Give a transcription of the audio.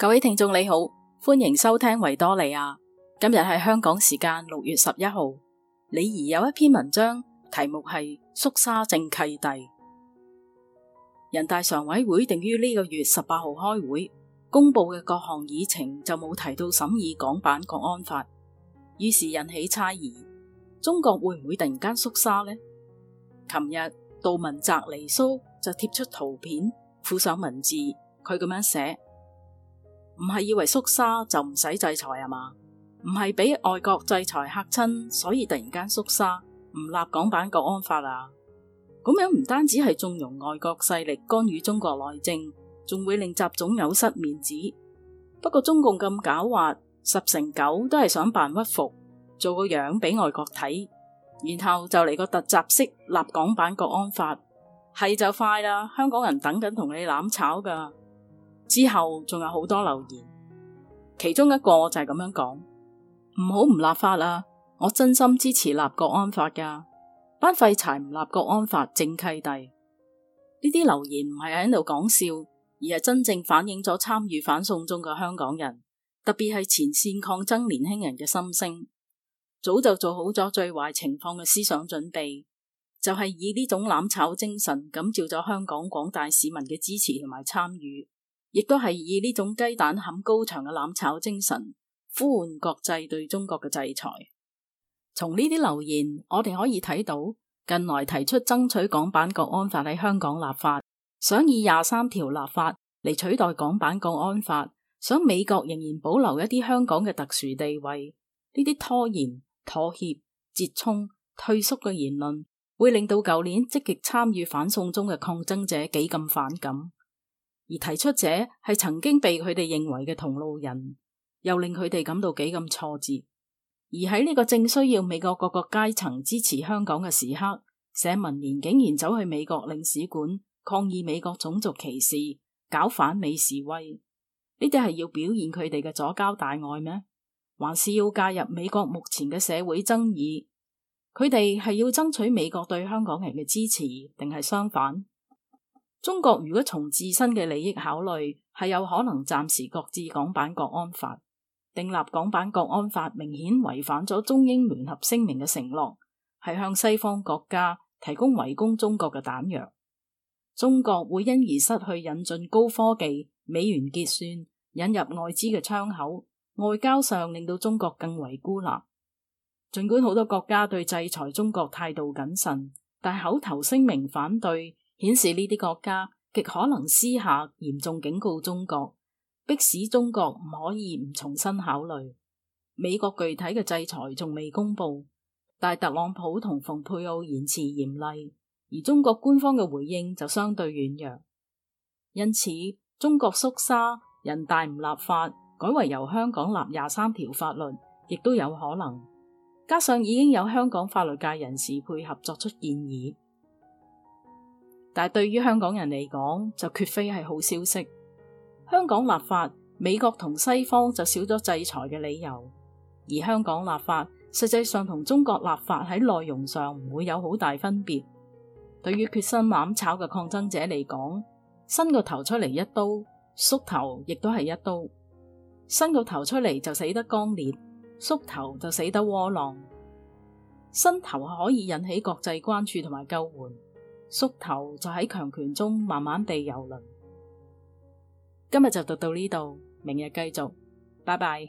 各位聽眾你好，歡迎收聽維多利亞。今日係香港時間六月十一號，李怡有一篇文章，題目係《縮沙正契弟》。人大常委會定於呢個月十八號開會公布嘅各項議程就冇提到審議港版國安法，於是引起猜疑。中國會唔會突然間縮沙呢？琴日杜汶澤尼蘇就貼出圖片，附上文字，佢咁樣寫。唔係以為縮沙就唔使制裁啊嘛，唔係俾外國制裁嚇親，所以突然間縮沙唔立港版國安法啊，咁樣唔單止係縱容外國勢力干預中國內政，仲會令習總有失面子。不過中共咁狡猾，十成九都係想扮屈服，做個樣俾外國睇，然後就嚟個突襲式立港版國安法，係就快啦，香港人等緊同你攬炒噶。之後仲有好多留言，其中一個就係咁樣講：唔好唔立法啦，我真心支持立國安法噶。班廢柴唔立國安法，正契弟。呢啲留言唔係喺度講笑，而係真正反映咗參與反送中嘅香港人，特別係前線抗爭年輕人嘅心聲。早就做好咗最壞情況嘅思想準備，就係、是、以呢種攬炒精神，感召咗香港廣大市民嘅支持同埋參與。亦都係以呢種雞蛋撼高牆嘅攬炒精神，呼喚國際對中國嘅制裁。從呢啲留言，我哋可以睇到，近來提出爭取港版國安法喺香港立法，想以廿三條立法嚟取代港版國安法，想美國仍然保留一啲香港嘅特殊地位。呢啲拖延、妥協、折衷、退縮嘅言論，會令到舊年積極參與反送中嘅抗爭者幾咁反感。而提出者係曾經被佢哋認為嘅同路人，又令佢哋感到幾咁挫折。而喺呢個正需要美國各個階層支持香港嘅時刻，社民連竟然走去美國領事館抗議美國種族歧視，搞反美示威。呢啲係要表現佢哋嘅左膠大愛咩？還是要介入美國目前嘅社會爭議？佢哋係要爭取美國對香港人嘅支持，定係相反？中國如果從自身嘅利益考慮，係有可能暫時擱置港版國安法。訂立港版國安法明顯違反咗中英聯合聲明嘅承諾，係向西方國家提供圍攻中國嘅彈藥。中國會因而失去引進高科技、美元結算、引入外資嘅窗口，外交上令到中國更為孤立。盡管好多國家對制裁中國態度謹慎，但口頭聲明反對。顯示呢啲國家極可能私下嚴重警告中國，迫使中國唔可以唔重新考慮。美國具體嘅制裁仲未公布，但特朗普同蓬佩奧言辭嚴厲，而中國官方嘅回應就相對軟弱，因此中國縮沙人大唔立法改為由香港立廿三條法律，亦都有可能。加上已經有香港法律界人士配合作出建議。但係對於香港人嚟講就絕非係好消息。香港立法，美國同西方就少咗制裁嘅理由；而香港立法實際上同中國立法喺內容上唔會有好大分別。對於決心攬炒嘅抗爭者嚟講，伸個頭出嚟一刀，縮頭亦都係一刀。伸個頭出嚟就死得剛烈，縮頭就死得窩囊。伸頭可以引起國際關注同埋救援。縮頭就喺強權中慢慢地游淪。今日就讀到呢度，明日繼續，拜拜。